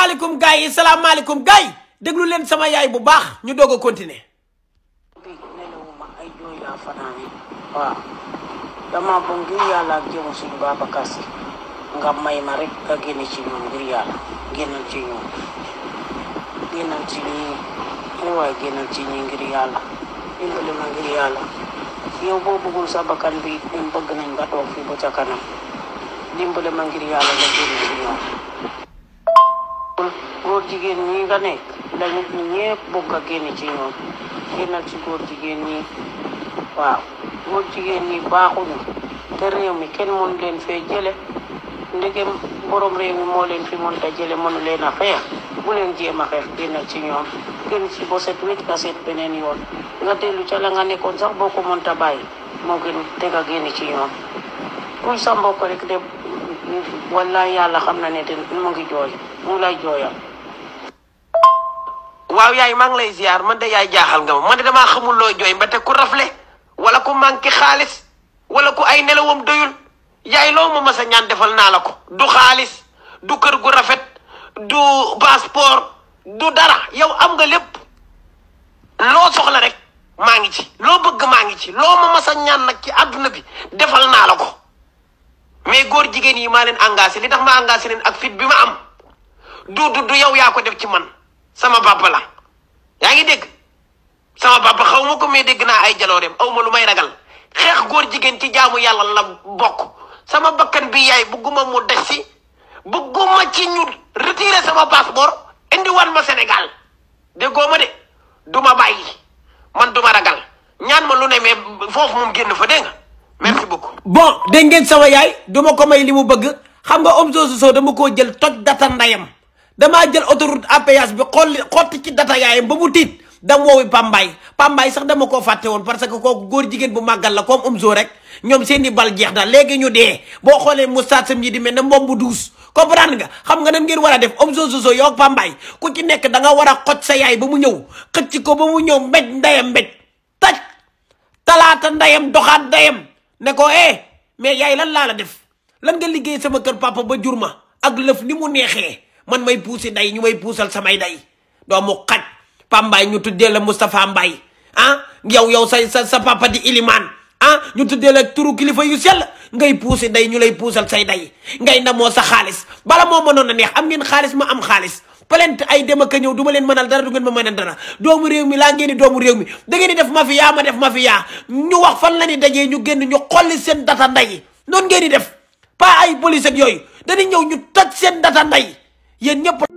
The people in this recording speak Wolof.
salaamaaleykum gars yi salaamaaleykum gars déglu leen sama yaay bu baax ñu doog a continé waaw dama bëgg ngir yàlla ak jëmu suñu Babacar Si nga may ma rek nga génne ci ñoom ngir yàlla génnal ci ñoom ci ñii ay ngir yàlla dimbali ma ngir yàlla yow boo bëggul sa bakkan bi ñun bëgg nañ nga toog fii ba ca kanam dimbali ma ngir yàlla nga génne ci ñoom jigéen ñi nga nekk lañu ñëpp bokk a génn ci ñoom génnal ci góor jigéen ñi waaw góor jigéen ñi baaxuñu te réew mi kenn mënu leen fee jële ndegem borom réew mi moo leen fi mënta jële mënu leen a xeex bu leen jéem a xeex génnal ci ñoom génn ci ba set wécc set beneen yoon nga dellu ca la nga nekkoon sax boo ko mënta bàyyi moo gën teg a génn ci ñoom kuy sa mbokk rek de wallaay yàlla xam na ne de mu ngi jooy mu lay jooyal waaw yaay maa ngi lay ziar man de yaay jaaxal nga ma man de damaa xamul loo jooy ba te ku rafle wala ku manqué xaalis wala ku ay nelawam doyul yaay loo ma mas ñaan defal naa la ko du du kër gu rafet du passeport du dara yow am nga lépp loo soxla rek maa ngi ci loo bëgg maa ngi ci loo ma mas ñaan nag ci àdduna bi defal naa la ko mais góor jigéen yi maa leen engagé li tax ma engagé leen ak fit bi ma am du du du yow yaa ko def ci man sama papa la yaa ngi dégg sama papa xaw ma ko mais dégg naa ay jalooreem aw ma lu may ragal xeex góor jigéen ci jaamu yàlla la bokk sama bakkan bi yaay bëgguma mu des si bëgguma ci ñu retirer sama passeport indi wan ma Sénégal déggoo ma de duma bàyyi man duma ragal ñaan ma lu ne mais foofu moom génn fa dégg nga merci beaucoup. bon dégg ngeen sama yaay duma ko may li mu bëgg xam nga Omzo Soso dama koo jël toj data ndeyam dama jël autoroute à péage bi xol xoti ci data yaayam ba mu dam wowi pambay pambay sax dama ko faté won parce que kooku gor jigen bu magal la comme umzo rek ñom seen di bal jeex da légui ñu dé bo xolé moustat sam yi di mel ne douce comprendre nga xam nga nan ngeen def umzo zozo yok pambay ku ci nek da nga wara a sa yaay ba mu ko ba mu ñew mbej ndayam mbej taj talata ndayam doxat ndayam ne ko eh mais yaay lan la la def lan nga liggéey sama kër papa ba jurma ak leuf ni mu nexé man may puusi day ñu may puusal samay day doomu xaj pambaay ñu tuddee la Moustapha Mbaye ah yow yow sa sa sa papa di ilimaan ah ñu tuddee la turu kilifa yu sell ngay puusi ndey ñu lay puusal say day ngay ndamoo sa xaalis bala moo mënoon a neex am ngeen xaalis ma am xaalis plainte ay dem ak ñëw du ma leen mënal dara du ngeen ma mënal dara doomu réew mi laa ngeen di doomu réew mi da ngeen di def def ma fi wax fan la ni dajee ñu génn ñu xolli seen data nday noonu ngeen di def pas ay police yooyu dañuy ñëw ñu toj seen data nday 人你不。